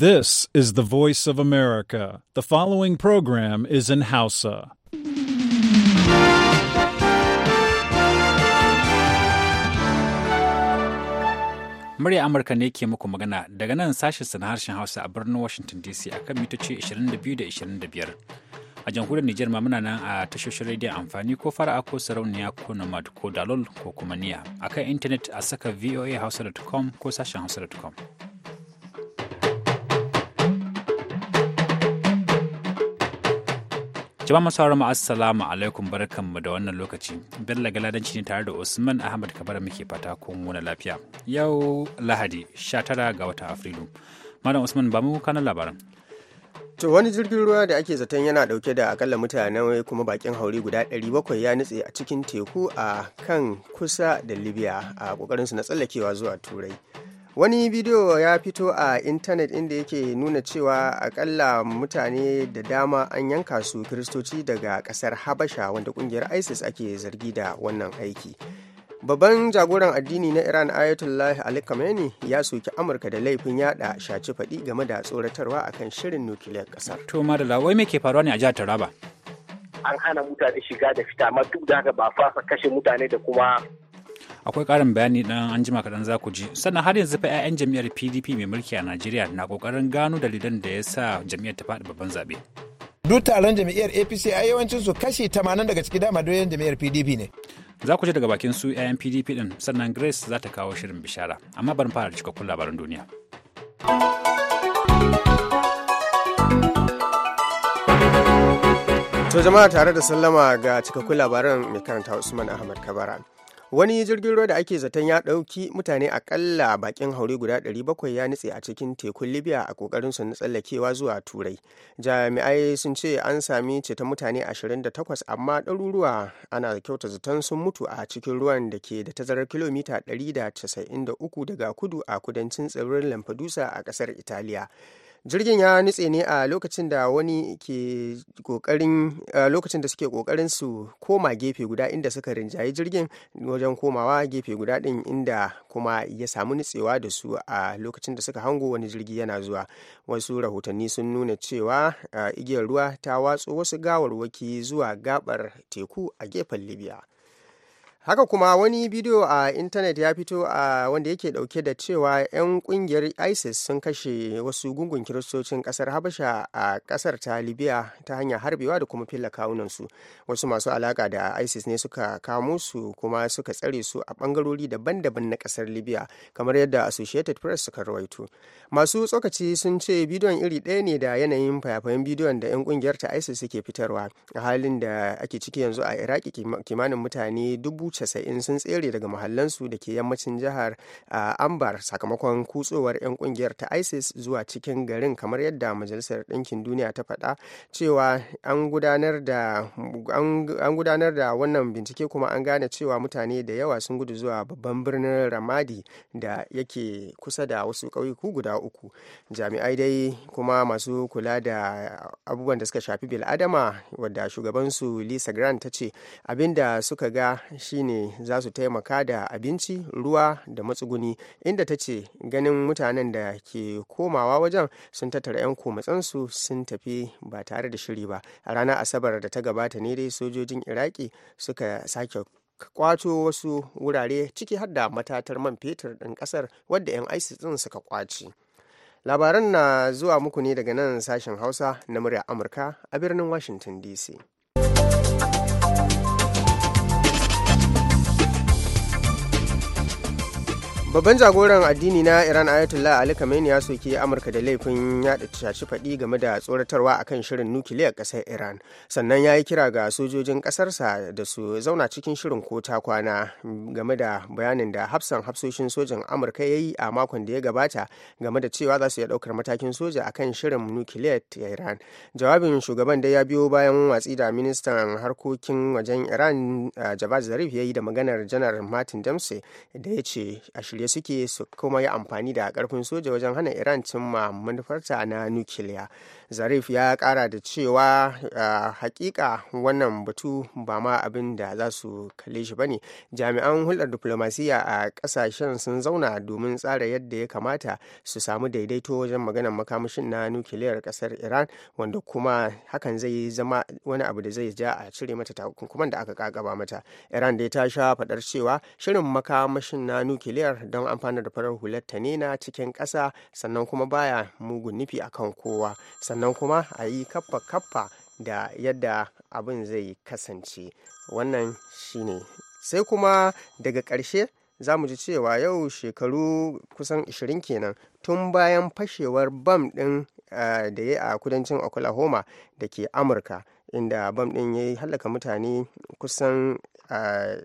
This is the voice of America. The following program is in Hausa. Murya Amurka ne ke muku magana daga nan sashen na harshen Hausa a birnin Washington DC akan mitoci 22 da 25. A jamhuriyar Nijar ma muna nan a tashoshin rediyon amfani ko fara'a ko sarauniya ko nomad ko dalol ko kuma niya. Akan intanet a saka voahausa.com ko sashen hausa.com. Jama'a masu mu assalamu alaikum barkanmu da wannan lokaci. Bello Galadanci ne tare da Usman Ahmad Kabara muke fata ko wani lafiya. Yau Lahadi 19 ga watan Afrilu. Malam Usman ba mu kana labaran. To wani jirgin ruwa da ake zaton yana dauke da akalla mutane kuma bakin hauri guda 700 ya nutse a cikin teku a kan kusa da Libya a kokarin su na tsallakewa zuwa Turai. wani bidiyo ya fito a intanet inda yake nuna cewa akalla mutane da dama an yanka su kiristoci daga kasar habasha wanda kungiyar isis ake zargi da wannan aiki babban jagoran addini na iran ayatollah ali khamenei ya soki amurka da laifin yada shaci faɗi game da tsoratarwa akan shirin nukiliyar ƙasar to madala wai me ke faruwa ne a jihar taraba an hana mutane shiga da fita amma duk da haka ba fasa kashe mutane da kuma akwai karin bayani dan an jima kaɗan za ku ji sannan har yanzu fa 'ya'yan jami'ar pdp mai mulki a najeriya na kokarin gano dalilan da ya sa jam'iyyar ta faɗi babban zaɓe duk taron jam'iyyar apc a yawancin su kashi 80 daga ciki dama doyen jam'iyyar pdp ne za ku ji daga bakin su 'ya'yan pdp din sannan grace za ta kawo shirin bishara amma bari fara cikakkun labaran duniya To jama'a tare da sallama ga cikakkun labaran mai karanta Usman Ahmad Kabara. wani jirgin ruwa da ake zaton ya ɗauki mutane akalla bakin haure guda 700 ya nutse a cikin tekun libya a kokarin su na tsallakewa zuwa turai jami'ai sun ce an sami ceton mutane 28 amma ɗaruruwa ana kyauta zaton sun mutu a cikin ruwan da ke da tazarar kilomita 193 daga kudu a kudancin tsibirin lampedusa a ƙasar italiya jirgin ya nutse ne a lokacin da wani ke kokarin lokacin da suke kokarin su koma gefe guda inda suka rinjayi jirgin wajen komawa gefe guda din inda kuma ya samu nutsewa da su a lokacin da suka hango wani jirgi yana zuwa wasu rahotanni sun nuna cewa igiyar ruwa ta watso wasu gawarwaki zuwa gabar teku a gefen libya haka kuma wani bidiyo a intanet ya fito a wanda yake dauke da cewa 'yan kungiyar isis sun kashe wasu gungun kiristocin kasar habasha a kasar ta libya ta hanyar harbewa da kuma filla kawunansu wasu masu alaka da isis ne suka kamo su kuma suka tsare su a bangarori daban-daban na kasar libya kamar yadda associated press suka rawaito masu tsokaci sun ce bidiyon iri ɗaya ne da yanayin fayafayen bidiyon da 'yan kungiyar ta isis suke fitarwa a halin da ake ciki yanzu a iraki kimanin mutane dubu 90 sun tsere daga mahallansu da ke yammacin jihar ambar sakamakon kutsowar 'yan kungiyar ta isis zuwa cikin garin kamar yadda majalisar ɗinkin duniya ta faɗa cewa an gudanar da wannan bincike kuma an gane cewa mutane da yawa sun gudu zuwa babban birnin ramadi da yake kusa da wasu ƙauyuku guda uku jami'ai dai kuma masu kula da abubuwan da suka shafi bil'adama wadda shugabansu lisa grant ta ce abinda suka ga shi ne za su taimaka da abinci ruwa da matsuguni inda ta ce ganin mutanen da ke komawa wajen sun tattara 'yan komatsansu sun tafi ba tare da shiri ba a ranar asabar da ta gabata ne dai sojojin iraki suka sake kwato wasu wurare ciki har da matatar man fetur ɗin ƙasar wadda 'yan isis ɗin suka kwace labaran na zuwa muku ne daga nan sashen hausa na murya amurka a birnin washington dc babban jagoran addini na iran ayatollah ali khamenei ya soki amurka da laifin yada tashi faɗi game da tsoratarwa akan shirin nukiliyar kasar iran sannan ya yi kira ga sojojin kasarsa da su zauna cikin shirin ko ta kwana game da bayanin da hafsan hafsoshin sojan amurka ya yi a makon da ya gabata game da cewa za su iya ɗaukar matakin soja akan shirin nukiliya ta iran jawabin shugaban da ya biyo bayan watsi da ministan harkokin wajen iran eh, javad zarif ya yi da maganar janar martin dempsey da ya ce a shirin shirye suke su kuma yi amfani da karfin soja wajen hana iran cimma manufarta na nukiliya zarif ya kara da cewa hakika wannan batu ba ma abin da za su kalle shi bane jami'an hulɗar diplomasiya a ƙasashen sun zauna domin tsara yadda ya kamata su samu daidaito wajen maganar makamashin na nukiliyar ƙasar iran wanda kuma hakan zai zama wani abu da zai ja a cire mata takunkuman da aka kakaba mata iran dai ta sha faɗar cewa shirin makamashin na nukiliyar don amfana da farar hular ta ne na cikin ƙasa sannan kuma baya mugun nufi akan kowa sannan kuma a yi kaffa kaffa da yadda abin zai kasance wannan shine sai kuma daga ƙarshe za mu ji cewa yau shekaru kusan 20 kenan tun bayan fashewar bam ɗin eh, da ya a kudancin oklahoma da ke amurka inda bam ɗin ya hallaka mutane kusan eh,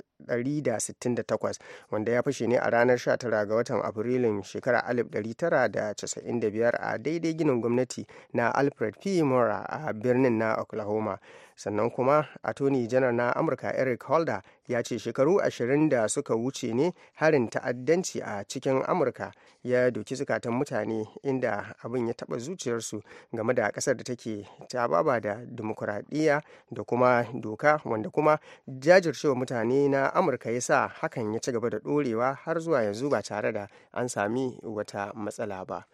takwas wanda ya fashe ne a ranar 19 ga watan afrilun shekarar 1995 a daidai ginin gwamnati na alfred p mora a birnin na oklahoma sannan kuma attorney janar na amurka eric holder ya ce shekaru 20 da suka wuce ne harin ta'addanci a cikin amurka ya doki zukatan mutane inda abin ya taba zuciyarsu game da kasar da take tababa da dimokuraɗiyya da kuma doka wanda kuma jajircewa mutane na amurka ya sa hakan ya ci gaba da ɗorewa har zuwa yanzu ba tare da an sami wata matsala ba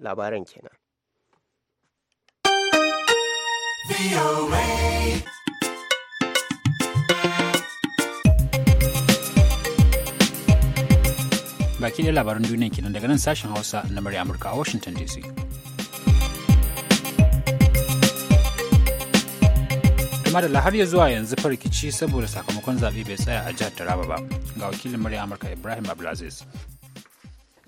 labaran kenan baki da labaran duniya kenan daga nan sashen hausa na murya amurka a washington dc madalla har ya zuwa yanzu farkici saboda sakamakon zaɓe bai tsaya a jihar taraba ba ga wakilin murya amurka ibrahim abdulaziz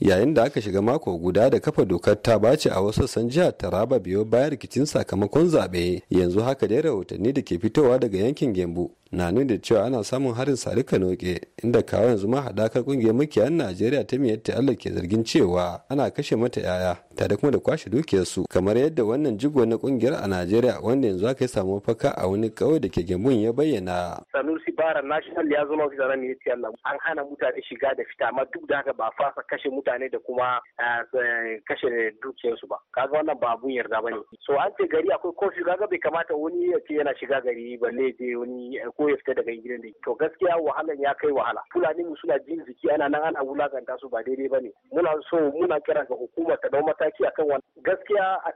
yayin da aka shiga mako guda da kafa dokar ta bace a wasu san jihar taraba biyo bayan rikicin sakamakon zaɓe yanzu haka dai rahotanni da ke fitowa daga yankin gembu na nuni da cewa ana samun harin sarika noke inda kawo yanzu ma haɗakar ƙungiyar makiyan najeriya ta miyar Allah ke zargin cewa ana kashe mata yaya tare kuma da kwashe dukiyarsu kamar yadda wannan jigo na ƙungiyar a najeriya wanda yanzu aka yi samu mafaka a wani ƙauye da ke gemun ya bayyana. sanusi bara national ya zama ofisa na miyar Allah an hana mutane shiga da fita amma duk da haka ba fasa kashe mutane da kuma eh, eh, kashe dukiyarsu ba kaga wannan ba abun yarda ba ne so an ce gari akwai kofi kaga bai kamata wani ya yana shiga gari balle je wani eh, ko ya fita daga gidan da to gaskiya wahalan ya kai wahala fulani mu suna jin jiki ana nan ana wulakanta su ba daidai bane muna so muna kira ga hukuma ta dau mataki akan wannan gaskiya a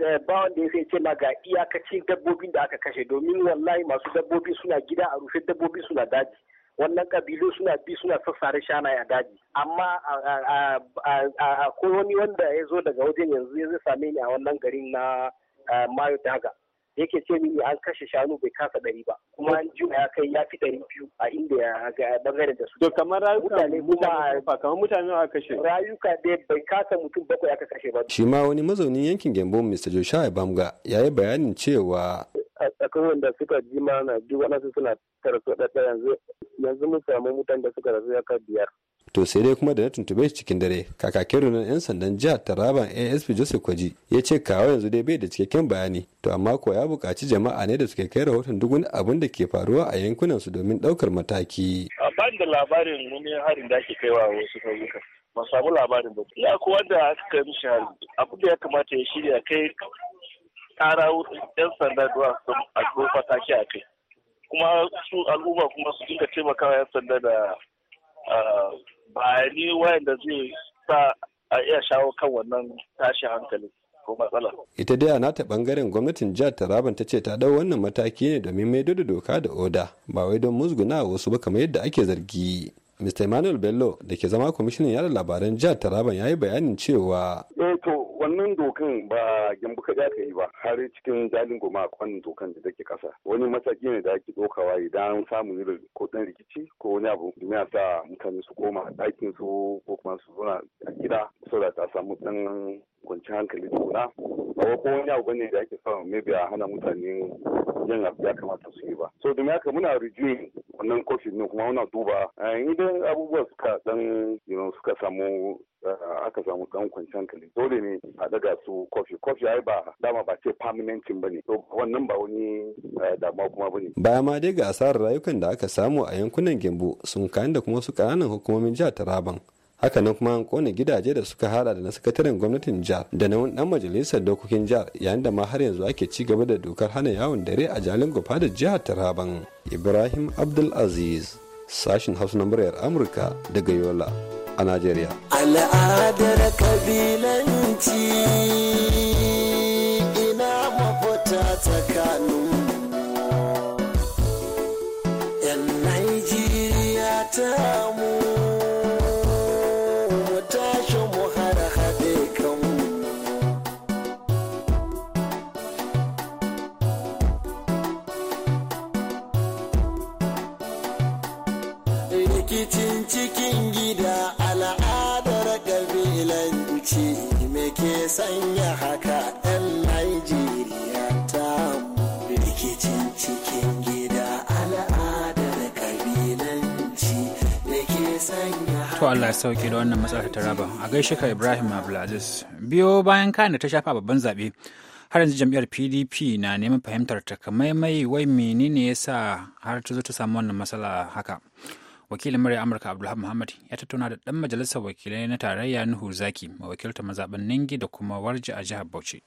eh, ba wanda ya sai ce ma ga iyakacin dabbobin da aka kashe domin wallahi masu dabbobi suna gida a rufe dabbobi suna daji wannan kabilu suna bi suna sassare shana a daji amma akwai wani wanda ya zo daga wajen yanzu ya same ni a wannan garin na eh, mayo daga yake ce mini an kashe shanu bai kasa ɗari ba kuma an jima ya kai ya fi ɗari biyu a inda ya ga bangaren da su. To kamar rayuka a kamar mutane a kashe. Rayuka dai bai kasa mutum bakwai aka kashe ba. Shi ma wani mazaunin yankin Gembo Mr. Joshua Bamga ya yi bayanin cewa. Akwai wanda suka ji mana duk wani suna tara ɗaɗɗa yanzu yanzu mun samu mutan da suka rasu ya kai biyar. to sai dai kuma da na tuntube shi cikin dare kakakin rundunar 'yan sandan jihar taraban asp joseph kwaji ya ce kawo yanzu dai bai da cikakken bayani to amma ko ya buƙaci jama'a ne da suke kai rahoton duk wani abin da ke faruwa a yankunan su domin ɗaukar mataki. A ban da labarin wani harin da ake wa wasu ƙauyuka ba samu labarin ba ya ko wanda aka kai mishi harin abin da ya kamata ya shirya kai kara 'yan sanda da a mataki a kai kuma su al'umma kuma su dinga taimakawa 'yan sanda da ah, ba ni wayanda zai sa a iya shawo kan wannan tashin hankali ko matsala. Ita dai a nata bangaren gwamnatin jihar Taraban ta ce ta dau wannan mataki ne domin maido da doka da oda ba wai don musguna wasu ba kamar yadda ake zargi. Mr. Emmanuel Bello da ke zama kwamishinan yada labaran jihar Taraban ya yi bayanin cewa. Eh wannan dokan ba gyambu kaɗai aka yi ba har cikin jalin goma a kwanan dokan da take ƙasa. Wani mataki ne da ake ɗaukawa idan samun yi ko ɗan rikici ko wani abu sa mutane su koma ɗakin su ko kuma su zauna a gida da ta samu ɗan kwanci hankali tukuna. Ba ko wani abu ne da ake samu maybe a hana mutane yin abu ya kamata su yi ba. So domin haka muna reviewing wannan kofi ne kuma muna duba eh, idan abubuwa suka dan suka samu eh, aka samu dan kwanciyar hankali dole ne a daga su kofi kofi ai ba dama ba ce permanentin bane to wannan ba wani eh, damuwa kuma bane baya ma dai ga asarar rayukan da aka samu a yankunan gembu sun kayan da kuma su kananan hukumomin jihar taraban haka nan kuma an kone gidaje da suka hada da na sakataren gwamnatin jihar da na dan majalisar dokokin jihar yayin da ma har yanzu ake ci gaba da dokar hana yawon dare a jalin gofa da jihar taraban ibrahim abdulaziz sashin hausa na muryar amurka daga yola a najeriya al'adar kabilanci cikin gida al'adar ƙabilanci me ke sanya haka 'yan Najeriya ta rikicin cikin gida al'adar ƙabilanci me ke sanya haka. To Allah sauke da wannan matsalar ta raba a gaishe ka Ibrahim Abdulaziz biyo bayan kayan da ta shafa babban zaɓe. har yanzu jam'iyyar pdp na neman fahimtar takamaimai wai menene ya sa har ta zo ta samu wannan matsala haka wakilin murya amurka abdulhab muhammad ya tattauna da dan majalisar wakilai na tarayya nuhu zaki mawakilta mazaɓin ningi da kuma warji a jihar bauchi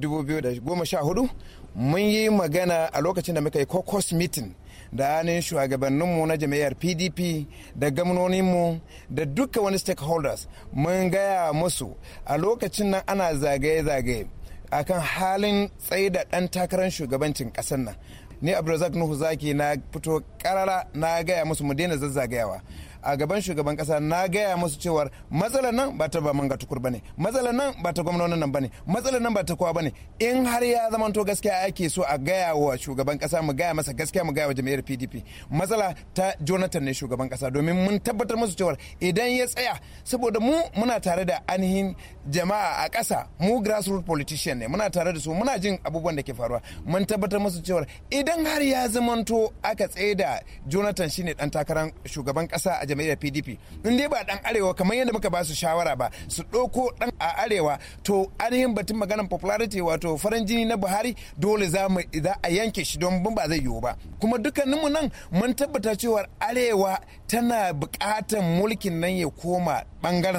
2014 mun yi magana a lokacin da muka yi caucus meeting da anin shugabanninmu na jami'ar pdp da gamnoninmu da duka wani stakeholders mun gaya musu a lokacin nan ana zagaye-zagaye akan halin tsaye da ɗan takarar shugabancin ƙasar nan ni abdulrazak nuhu zaki na fito karara na gaya musu mu daina zazzagayawa a gaban shugaban kasa na gaya musu cewar matsalar nan ba ta ba manga tukur bane matsalar nan ba ta gwamnonin nan bane matsalar nan ba ta kowa bane in har ya zamanto gaskiya ake so a gaya wa shugaban kasa mu gaya masa gaskiya mu gaya wa jami'ar PDP matsala ta Jonathan ne shugaban kasa domin mun tabbatar musu cewar idan ya tsaya saboda mu muna tare da ainihin jama'a a ƙasa mu grassroots politician ne muna tare da su muna jin abubuwan da ke faruwa mun tabbatar musu cewa idan har ya zamanto aka da jonathan shine dan takarar shugaban ƙasa a jam'iyyar pdp in dai ba dan arewa kamar yadda muka ba su shawara ba su ɗauko dan a arewa to ainihin batun maganar popularity wato farin jini na buhari dole za mu a yanke shi don ba zai yiwu ba kuma dukkaninmu nan mun tabbata cewa arewa tana buƙatar mulkin nan ya koma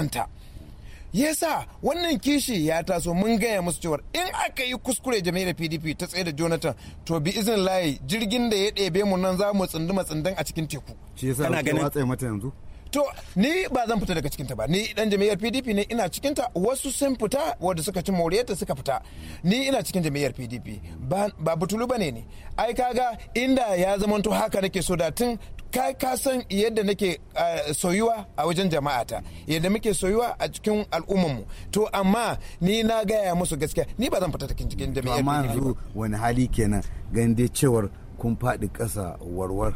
ta. yasa wannan kishi ya taso mun gaya musu cewar in aka yi kuskure jami'ar pdp ta tsaye da jonathan to bi izin layi jirgin da ya ɗebe mu nan za mu tsunduma tsundan a cikin teku shi sa kana ganin watsa mata yanzu to ni ba zan fita daga cikinta ba ni dan jami'ar pdp ne ina cikinta wasu sun fita wanda suka ci moriyarta suka fita ni ina cikin jami'ar pdp ba, ba butulu ne ai kaga inda ya zamanto haka nake so da tun kai ka san yadda nake soyuwa a wajen jama'ata yadda muke soyuwa a cikin al'ummanmu to amma ni na gaya musu gaskiya ni ba zan fita cikin cikin jami'a amma yanzu wani hali kenan ganin dai cewar kun faɗi ƙasa warwar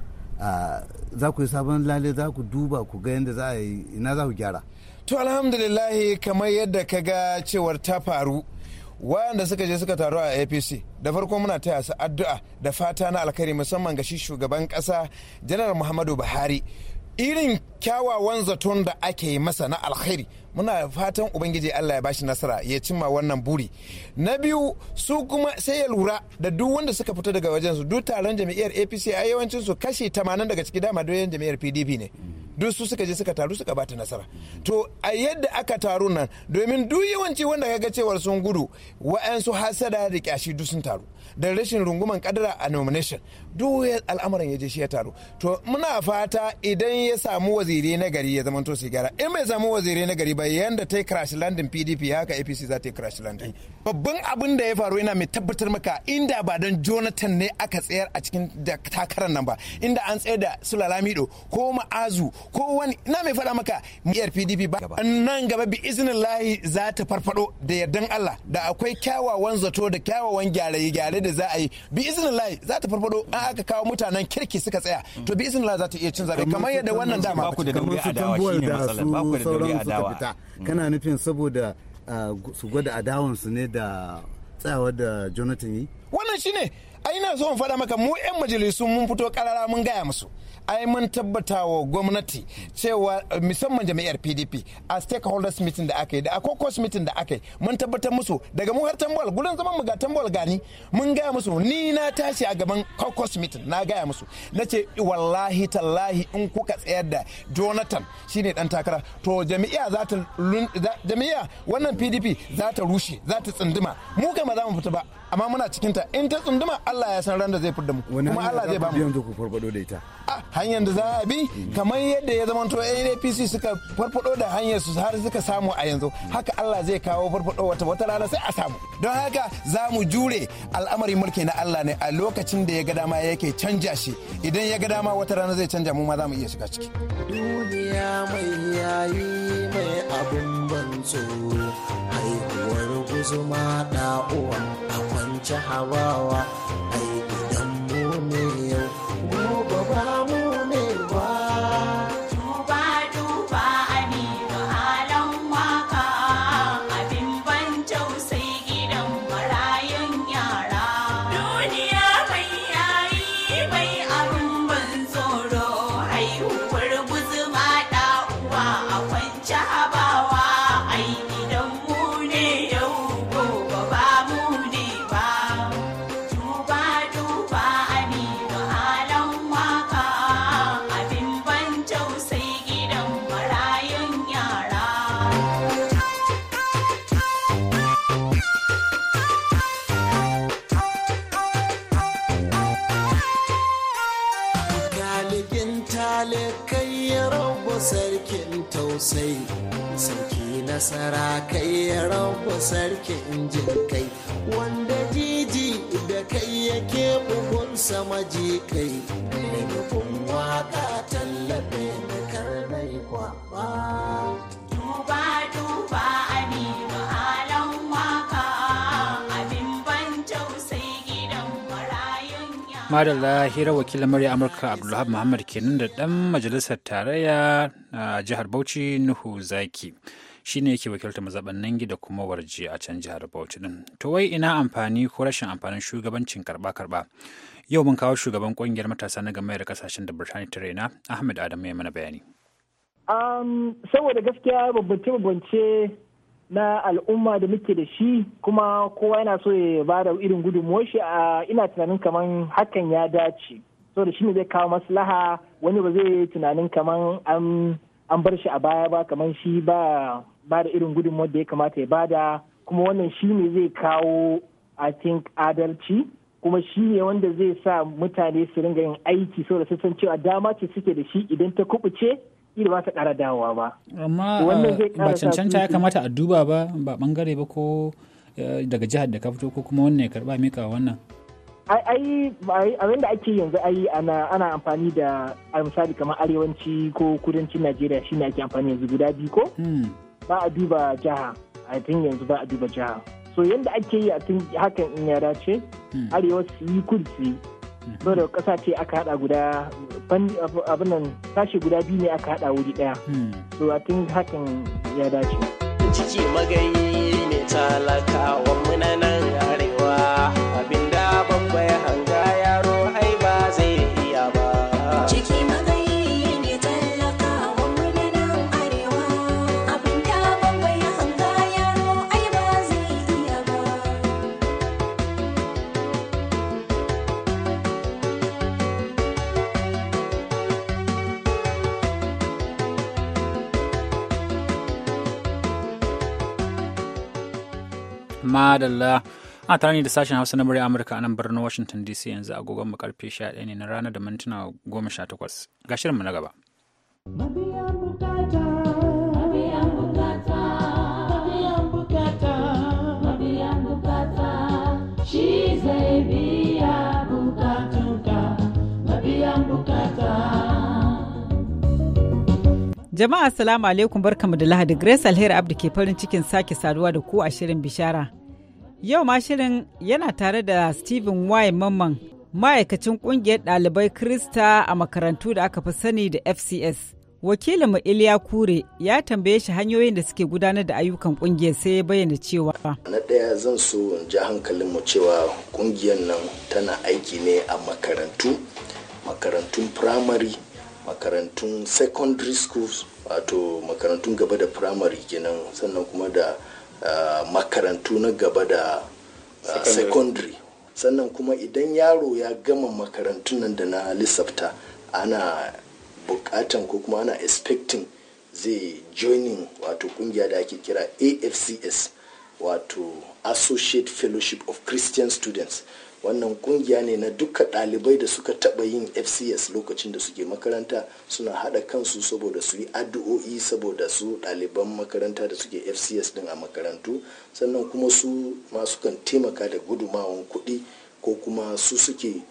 za ku yi sabon lalle za ku duba ku ga yadda za a yi ina za ku gyara to alhamdulillahi kamar yadda ka ga cewar ta faru wayanda suka je suka taru a apc da farko muna taya su addu'a da fata na alkhairi musamman ga shi shugaban kasa janar muhammadu buhari irin kyawawan zaton da ake masa na alkhairi muna fatan ubangiji allah ya bashi nasara ya cimma wannan buri na biyu su kuma sai ya lura da duk wanda suka fito daga wajen su duk taron jami'ar apc a yawancin su kashi 80 daga ciki dama doyen jami'ar pdp ne duk su suka je suka taru suka bata nasara to a yadda aka taru nan domin duk yawanci wanda kaga cewar sun gudu wa'ansu hasada da kyashi duk sun taru da rashin runguman kadara a nomination duk al'amarin ya je shi ya taru to muna fata idan ya samu waziri na gari ya zamanto sigara in bai samu waziri na gari ba yanda ta yi crash landing pdp haka apc za ta yi crash landing babban abin da ya faru yana mai tabbatar maka inda ba don jonathan ne aka tsayar a cikin takarar nan ba inda an tsayar da su do ko ma'azu ko wani ina mai faɗa maka miyar pdp ba nan gaba bi izinin lahi za ta farfado da yardan allah da akwai kyawawan zato da kyawawan gyare-gyare da za a yi bi izinin lahi za ta farfado an aka kawo mutanen kirki suka tsaya to bi izinin lahi za ta iya cin zaɓe kamar yadda wannan dama ba ku da dauri shi shine matsalar ba ku da dauri dawa. kana nufin saboda su gwada adawansu ne da tsayawar da jonathan yi wannan shine a ina so in faɗa maka mu 'yan majalisun mun fito karara mun gaya musu ai mun tabbata wa gwamnati cewa eh, musamman jami'ar pdp a stakeholders meeting da aka yi da a caucus meeting da aka yi mun tabbatar musu daga mu har tambawal gudan zaman mu ga tambawal gani mun gaya musu ni na tashi a gaban caucus meeting na gaya musu na ce wallahi tallahi in kuka tsayar da jonathan shine dan takara to jami'a za ta jami'a wannan pdp za ta rushe za ta tsunduma mu kai ma za mu fita ba amma muna cikinta in ta tsunduma allah ya san ran da zai fita mu kuma allah zai ba mu da ita hanyar da za a bi kamar yadda ya zama zamanto NAPC suka farfado da hanyar su har suka samu a yanzu haka Allah zai kawo farfado wata wata rana sai a samu don haka za mu jure al'amari mulki na Allah ne a lokacin da ya ga dama yake canja shi idan ya ga dama wata rana zai canja mu ma za mu iya shiga ciki duniya mai yayi mai abin banzo haihuwar guzuma da uwa a kwanci hawawa sarakai rabu sarkin jin kai wanda jiji da kai yake bugun sama ji kai nufin waka tallafe na karnai kwaba madalla hira wakilin murya amurka abdulhab muhammad kenan da dan majalisar tarayya a jihar bauchi nuhu zaki ne yake wakiltar mazaɓan Nangi da kuma warje a can jihar Bauchi din. To wai ina amfani ko rashin amfanin shugabancin karba karba Yau mun kawo shugaban kungiyar matasa na gamayar kasashen da Birtaniya ta raina, Ahmed Adamu ya mana bayani. saboda gaskiya babbance-babbance na al'umma da muke da shi kuma kowa yana so ya ba da irin gudunmuwar shi a ina tunanin kamar hakan ya dace saboda shi ne zai kawo maslaha wani ba zai tunanin kamar an bar shi a baya ba kamar shi ba ba da irin gudun da ya kamata ya bada kuma wannan shi ne zai kawo i think adalci kuma shi ne wanda zai sa mutane su ringa yin aiki saboda su san cewa dama ce suke da shi idan ta kubuce ila ba ta kara dawowa ba amma ba cancanta ya kamata a duba ba ba bangare ba ko eh, daga jihar da ka fito ko kuma wannan ya karba mika wannan ai abin da ake yanzu ai ana amfani da misali kamar arewanci ko kudancin najeriya shine ake amfani yanzu guda biyu ko hmm. ba a duba jiha a tun yanzu ba a duba jiha so yadda ake yi a tun hakan in ya dace hmm. arewa su yi kudu so hmm. da kasa ce aka hada guda abin nan sashi guda biyu ne aka hada wuri daya hmm. so a tun hakan ya dace ciki magayi ne talakawa munana madalla a tare da sashen hausa na murya amurka a nan birnin washington dc yanzu agogon mu karfe 11 ne na rana da mintuna 18 ga shirinmu na gaba Jama'a salamu alaikum barkamu da Lahadi Grace Alheri Abdi ke farin cikin sake saduwa da ku a shirin bishara. Yau ma shirin yana tare da Stephen Y. Mamman, ma'aikacin kungiyar ɗalibai Krista a makarantu da aka fi sani da FCS. Wakilinmu Iliya Kure ya tambaye shi hanyoyin da suke gudanar da ayyukan kungiyar sai ya bayyana cewa. Na ɗaya zan so in ji hankalinmu cewa ƙungiyar nan tana aiki ne a makarantu, makarantun firamare, makarantun secondary schools, wato makarantun gaba da firamare kenan sannan kuma da Uh, makarantu na gaba da uh, secondary sannan kuma idan yaro ya gama makarantun nan da na lissafta ana bukatan ko kuma ana expecting zai joining wato kungiya da ake kira afcs wato associate fellowship of christian students wannan kungiya ne na duka dalibai da suka taba yin fcs lokacin da suke makaranta suna haɗa kansu saboda su yi addu'o'i saboda su daliban makaranta da suke fcs din a makarantu sannan kuma su masu kan taimaka da gudumawan kuɗi ko kuma su suke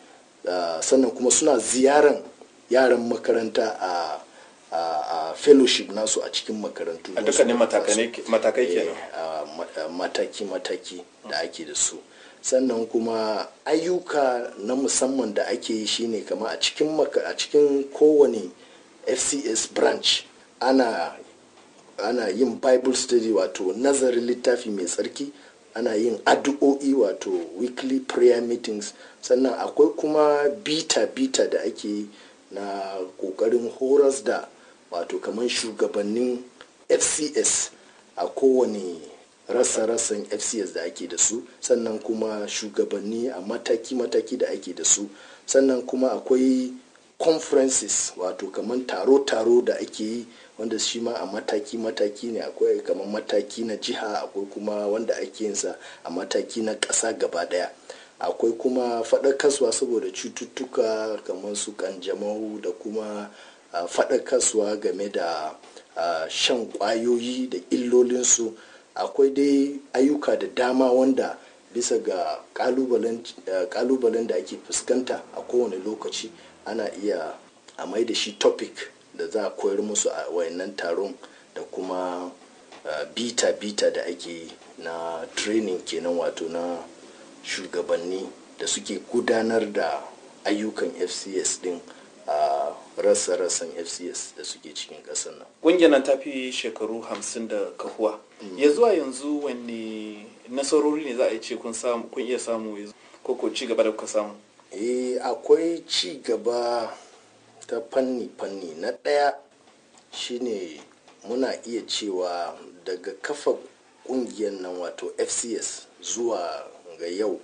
sannan kuma suna ziyaran yaran makaranta a a fellowship nasu a cikin makarantu a dukkanin matakai kenan eh, mataki mataki da ake da su sannan kuma ayyuka na musamman da ake yi shine kama a cikin a cikin kowane fcs branch ana ana yin bible study wato nazarin littafi mai tsarki ana yin addu'o'i wato weekly prayer meetings sannan akwai kuma bita-bita da ake na kokarin horas da wato kamar shugabannin fcs a kowane rasa-rasan fcs da ake da su sannan kuma shugabanni a mataki-mataki da ake da su sannan kuma akwai conferences wato kamar taro-taro da ake yi wanda shi ma a mataki-mataki ne akwai kamar mataki na jiha akwai kuma wanda ake yinsa a mataki na ƙasa gaba daya akwai kuma faɗakaswa saboda cututtuka kamar su kanjamau da kuma ah, faɗakaswa game da ah, shan ƙwayoyi da illolinsu akwai dai ayyuka da dama wanda bisa ga eh, kalubalen da ake fuskanta a kowane lokaci ana iya a mai da shi topic da za a koyar musu a wayannan taron da kuma bita-bita eh, da ake na training kenan wato na shugabanni da suke gudanar da ayyukan fcs din a rassa-rassan fcs da suke cikin kasar nan ƙungiyar nan ta fi shekaru hamsin da kahuwa mm. ya zuwa yanzu wani nasarori ne za a yi ce kun iya samu ko ko ci gaba da kuka samu eh akwai ci gaba ta fanni-fanni na ɗaya shine muna iya cewa daga kafa ƙungiyar nan wato fcs zuwa ga yau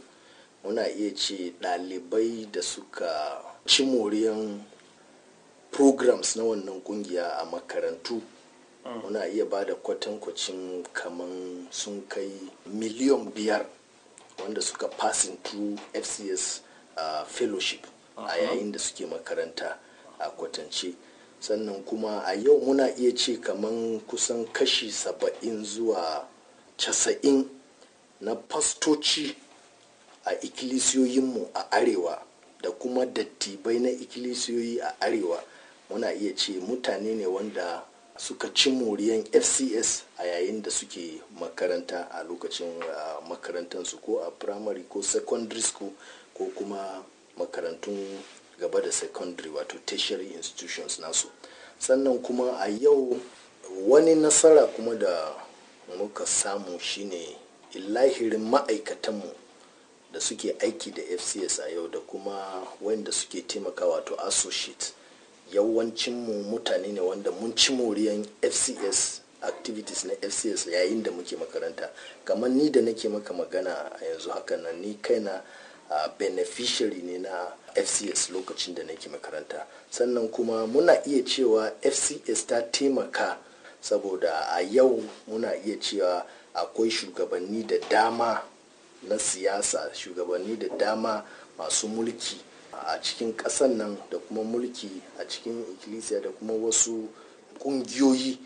muna iya ce ɗalibai da suka ci moriyan programs na wannan kungiya a makarantu muna iya ba da kwatankwacin kamar sun kai miliyan biyar wanda suka passing through fcs fellowship a yayin da suke makaranta a kwatance sannan kuma a yau muna iya ce kaman kusan kashi saba'in zuwa casa'in na fastoci a ikkilisiyoyinmu a arewa da kuma dattibai na ikilisiyoyi a arewa muna iya ce mutane ne wanda suka ci moriyan fcs a yayin da suke makaranta a lokacin makarantarsu ko a primary ko secondary school ko kuma makarantun gaba da secondary wato tertiary institutions nasu sannan kuma a yau wani nasara kuma da muka samu shine ilahirin ma'aikatanmu da suke aiki da fcs a yau da kuma wanda suke taimaka wato associate yawancin mu mutane ne wanda mun ci moriyan fcs activities na fcs yayin da muke makaranta kamar ni da nake maka magana a yanzu haka nan ni kaina uh, beneficiary ne na fcs lokacin da nake makaranta sannan kuma muna iya cewa fcs ta taimaka saboda a yau muna iya cewa akwai shugabanni da dama na siyasa shugabanni da dama masu mulki a cikin ƙasan nan da kuma mulki a cikin ikkilisiya da kuma wasu ƙungiyoyi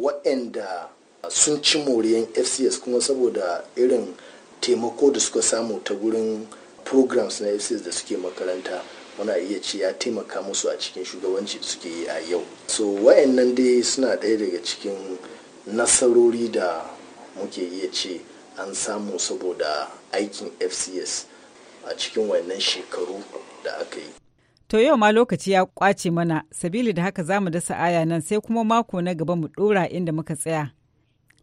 waɗanda sun ci moriyan fcs kuma saboda irin taimako da suka samu ta gurin programs na fcs da suke makaranta muna iya ce ya taimaka musu a cikin shugabanci da suke yi a yau so wayannan dai suna ɗaya daga cikin nasarori da muke iya ce an samu saboda aikin fcs a cikin wannan shekaru da aka yi. To yau ma lokaci ya kwace mana, sabili da haka zamu dasa aya nan sai kuma mako na gaba mu dora inda muka tsaya.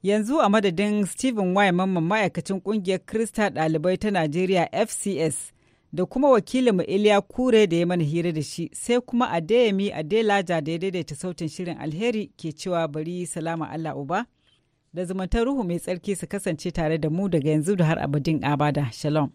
Yanzu a madadin Stephen Y. Mamman ma'aikacin kungiyar Krista ɗalibai ta Najeriya FCS da kuma wakilin mu Iliya Kure da ya mana hira da shi sai kuma Adeyemi Adelaja da ya daidaita sautin shirin alheri ke cewa bari salama Allah uba. da zumuntar ruhu mai tsarki su kasance tare da mu daga yanzu da har abadin abada shalom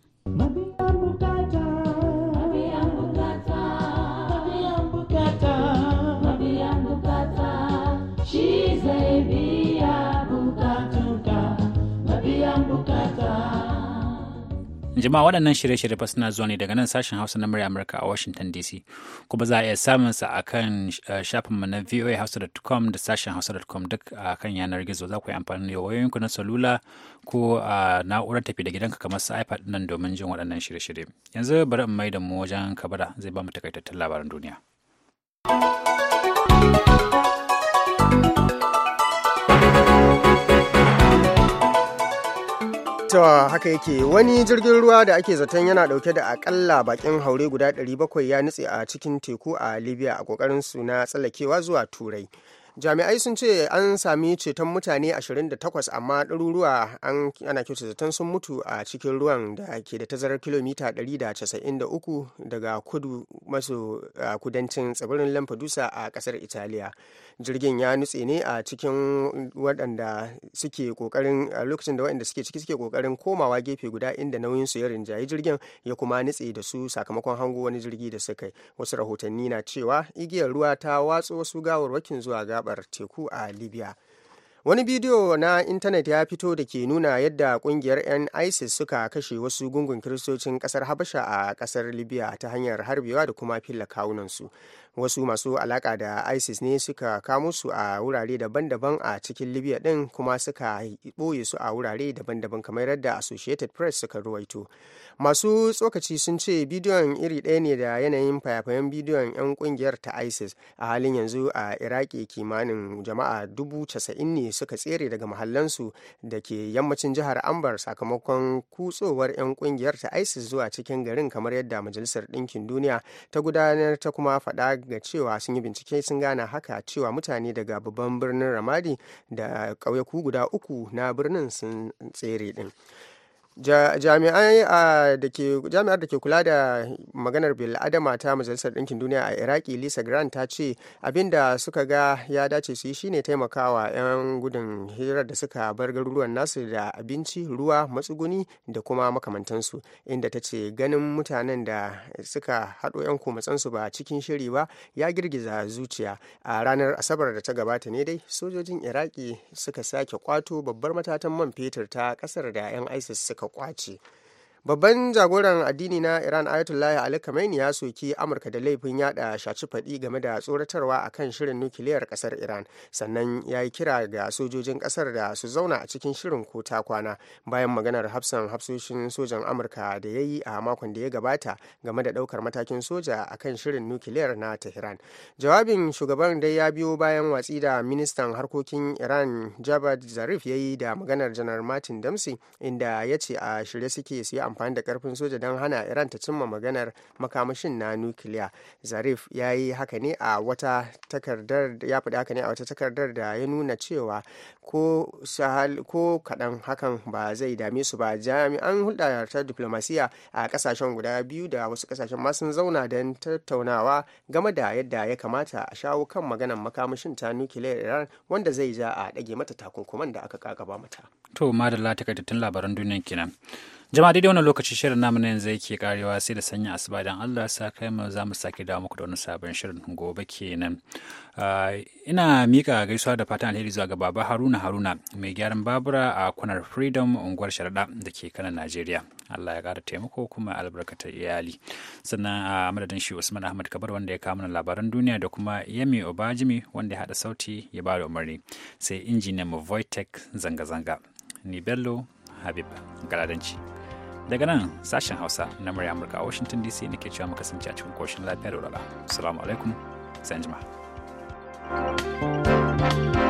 Jama'a waɗannan shirye-shirye fa suna zuwa ne daga nan sashen Hausa na murya Amurka a Washington DC. Kuma za a iya samun sa a kan eh, shafinmu na voahausa.com da sashen hausa.com duk a kan yanar gizo. Za ku yi amfani da wayoyinku na salula ko a na'urar tafi da gidanka kamar su iPad nan domin jin waɗannan shirye-shirye. Yanzu bari in mai da mu wajen kabara zai ba mu takaitattun labaran duniya. To haka yake wani jirgin ruwa da ake zaton yana dauke da akalla bakin haure guda 700 ya nutse a cikin teku a Libya a kokarin su na tsallakewa zuwa Turai. jami'ai sun ce an sami ceton mutane 28 amma ɗaruruwa ana kyauta zaton sun mutu a cikin ruwan da ke da tazarar kilomita 193 daga kudu maso kudancin tsibirin Lampedusa a ƙasar italiya jirgin ya nutse ne a cikin waɗanda suke kokarin a lokacin da waɗanda suke ciki suke kokarin komawa gefe guda inda nauyin su ya rinjayi jirgin ya kuma nutse da su sakamakon hango wani jirgi da suka yi wasu rahotanni na cewa igiyar ruwa ta watso wasu gawarwakin zuwa gabar teku a libya wani bidiyo na intanet ya fito da ke nuna yadda kungiyar 'yan isis suka kashe wasu gungun kiristocin kasar habasha a kasar libya ta hanyar harbewa da kuma filla kawunansu wasu masu alaka da isis ne suka kamo su a wurare daban-daban a cikin libya din kuma suka boye su a wurare daban-daban kamar yadda associated press suka ruwaito masu tsokaci sun ce bidiyon iri ɗaya ne da yanayin fayafayen bidiyon 'yan kungiyar ta isis a halin yanzu a iraki kimanin jama'a dubu casa'in ne suka tsere daga mahallansu da ke yammacin jihar ambar sakamakon kutsowar 'yan kungiyar ta isis zuwa cikin garin kamar yadda majalisar ɗinkin duniya ta gudanar ta kuma faɗa da cewa sun yi bincike sun gane haka cewa mutane daga babban birnin ramadi da ƙauyaku guda uku na birnin sun tsere din jami'ar da ke kula da maganar bil'adama ta majalisar ɗinkin duniya a iraki lisa grant ta ce abin da suka ga ya dace su yi shine taimakawa 'yan gudun hirar da suka bar garuruwan nasu da abinci ruwa matsuguni da kuma makamantansu inda ta ce ganin mutanen da suka haɗo 'yan komatsansu ba cikin shiri ba ya girgiza zuciya a ranar asabar da ta gabata ne dai sojojin iraki suka sake kwato babbar matatan man fetur ta ƙasar da 'yan isis suka 挂机。babban jagoran addini na iran ayatollah ali khamenei ya soki amurka da laifin yada shaci faɗi game da tsoratarwa a kan shirin nukiliyar ƙasar iran sannan ya yi kira ga sojojin ƙasar da su zauna a cikin shirin ko ta kwana bayan maganar hafsan hafsoshin sojan amurka da ya yi a makon da ya gabata game da ɗaukar matakin soja a kan shirin nukiliyar na tehran jawabin shugaban dai ya biyo bayan watsi da ministan harkokin iran javad zarif ya yi da maganar janar martin damsi inda ya ce a shirye suke su yi amfani da karfin soja don hana iran ta cimma maganar makamashin na nukiliya zarif ya yi haka ne a wata takardar faɗi haka ne a wata takardar da ya nuna cewa ko kaɗan hakan ba zai dame su ba jami'an hulɗa ta diplomasiya a ƙasashen guda biyu da wasu ƙasashen ma zauna don tattaunawa game da yadda ya kamata a shawo kan maganan makamashin ta nukiliyar iran wanda zai ja a ɗage mata takunkuman da aka kakaba mata to madalla takaitattun labaran duniya kenan jama'a daidai wannan lokaci shirin namu na yanzu yake karewa sai da sanya asuba dan Allah sa kai mu za mu sake dawo muku da wani sabon shirin gobe kenan Uh, ina mika gaisuwa da fatan alheri zuwa ga baba haruna haruna mai gyaran babura a kwanar freedom unguwar sharaɗa da ke kanan najeriya allah ya ƙara taimako kuma albarkatar iyali sannan a madadin shi usman ahmad kabar wanda ya kawo mana labaran duniya da kuma yami obajimi wanda ya haɗa sauti ya ba da umarni sai injiniyan mu voitech zanga-zanga ni bello habib galadanci daga nan sashen hausa na murya amurka a washington dc nake cewa mu kasance a cikin koshin lafiya da walwala assalamu alaikum sai jima. Thank you.